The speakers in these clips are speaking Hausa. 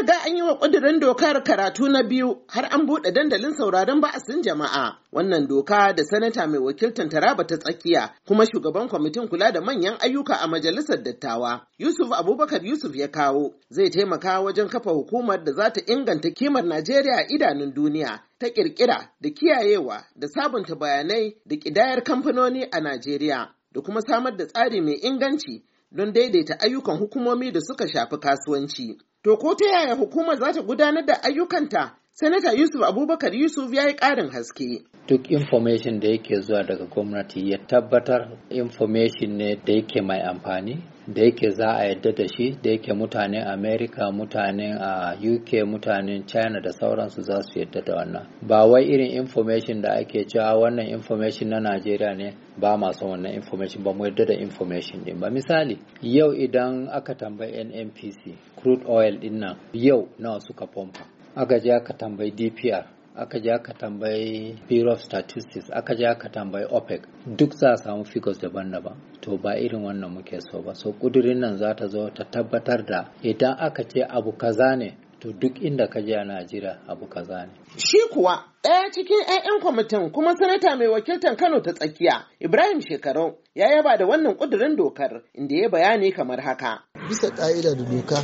riga an yi wa ƙudurin dokar karatu na biyu har an buɗe dandalin sauraron ba'asin jama'a. Wannan doka da sanata mai wakiltar Taraba ta tsakiya kuma shugaban kwamitin kula da manyan ayyuka a majalisar dattawa Yusuf Abubakar Yusuf ya kawo zai taimaka wajen kafa hukumar da za ta inganta kimar Najeriya a idanun duniya ta ƙirƙira da kiyayewa da sabunta bayanai da ƙidayar kamfanoni a Najeriya da kuma samar da tsari mai inganci don daidaita ayyukan hukumomi da suka shafi kasuwanci. to ko ta yaya hukumar za ta gudanar da ayyukanta Senator Yusuf Abubakar Yusuf ya yi ƙarin haske. Duk information da yake zuwa daga gwamnati ya tabbatar information ne da yake mai amfani, da yake za a yadda da shi, da yake mutanen Amerika, mutanen a UK, mutanen China da sauransu za su yadda da wannan. Ba wai irin information da ake cewa wannan information na Najeriya ne ba masu wannan information ba mu yadda da information din ba. Misali, yau idan aka tambayi NNPC crude oil din nan yau nawa suka pompa. aka je aka tambayi dpr aka je aka tambayi bureau of statistics aka je aka tambayi opec duk za a samu figures daban-daban to ba irin wannan muke so ba so kudurin nan za ta zo ta tabbatar da idan aka ce abu kaza ne to duk inda ka je a Najeriya abu kaza ne. Shi kuwa ɗaya cikin 'ya'yan kwamitin kuma sanata mai wakiltar Kano ta tsakiya Ibrahim Shekarau ya yaba da wannan ƙudurin dokar inda ya bayani kamar haka. Bisa ƙa'ida da doka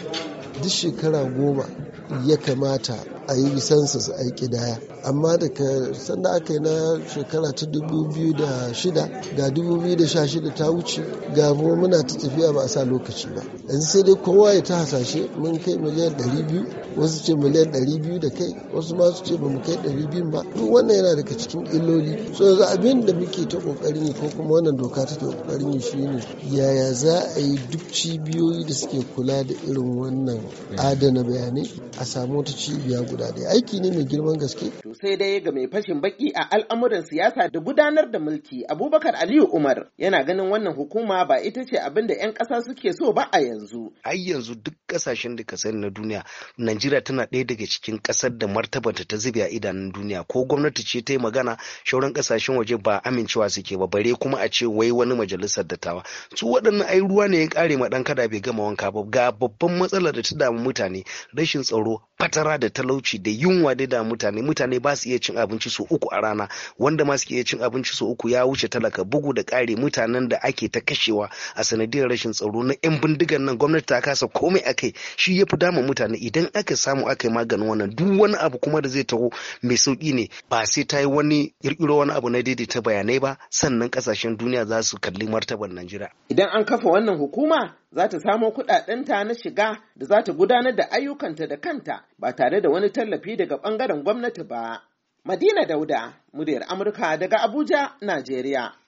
duk shekara goma ya kamata a yi sansa su yi ƙidaya amma daga sanda aka yi na shekara ta 2006 ga 2016 ta wuce ga kuma muna ta tafiya ba a sa lokaci ba yanzu sai dai kowa ya ta hasashe mun kai miliyan 200 wasu ce miliyan 200 da kai wasu ma su ce ba mu kai 200 ba duk wannan yana daga cikin illoli so yanzu abin da muke ta kokarin yi ko kuma wannan doka ta kokarin yi shine yaya za a yi duk cibiyoyi da suke kula da irin wannan adana bayanai a samu wata cibiya guda ɗaya aiki ne mai girman gaske sai dai ga mai fashin baki a al'amuran siyasa da gudanar da mulki Abubakar Aliyu Umar yana ganin wannan hukuma ba ita ce abin da 'yan ƙasa suke so ba a yanzu. Ai yanzu duk ƙasashen da ka sani na duniya Najeriya tana ɗaya daga cikin ƙasar da martabanta ta zube a idanun duniya ko gwamnati ce ta yi magana shauran ƙasashen waje ba amincewa suke ba bare kuma a ce wai wani majalisar dattawa su waɗannan ai ruwa ne ya ƙare ma ɗan kada bai gama wanka ba ga babban matsalar da ta damu mutane rashin tsaro fatara da talauci da yunwa da damu mutane mutane ba su iya cin abinci so uku a rana wanda ma suke iya cin abinci so uku ya wuce talaka bugu da ƙari mutanen da ake ta kashewa a sanadiyar rashin tsaro na 'yan bindigan nan gwamnati ta kasa komai akai shi ya fi dama mutane idan aka samu aka yi maganin wannan duk wani abu kuma da zai taho mai sauki ne ba sai ta yi wani ƙirƙiro wani abu na daidaita bayanai ba sannan ƙasashen duniya za su kalli martabar Najeriya. Idan an kafa wannan hukuma za ta samo kuɗaɗenta na shiga da za ta gudanar da ayyukanta da kanta ba tare da wani tallafi daga bangaren gwamnati ba. Madina Dauda, muryar Amurka daga Abuja, Najeriya.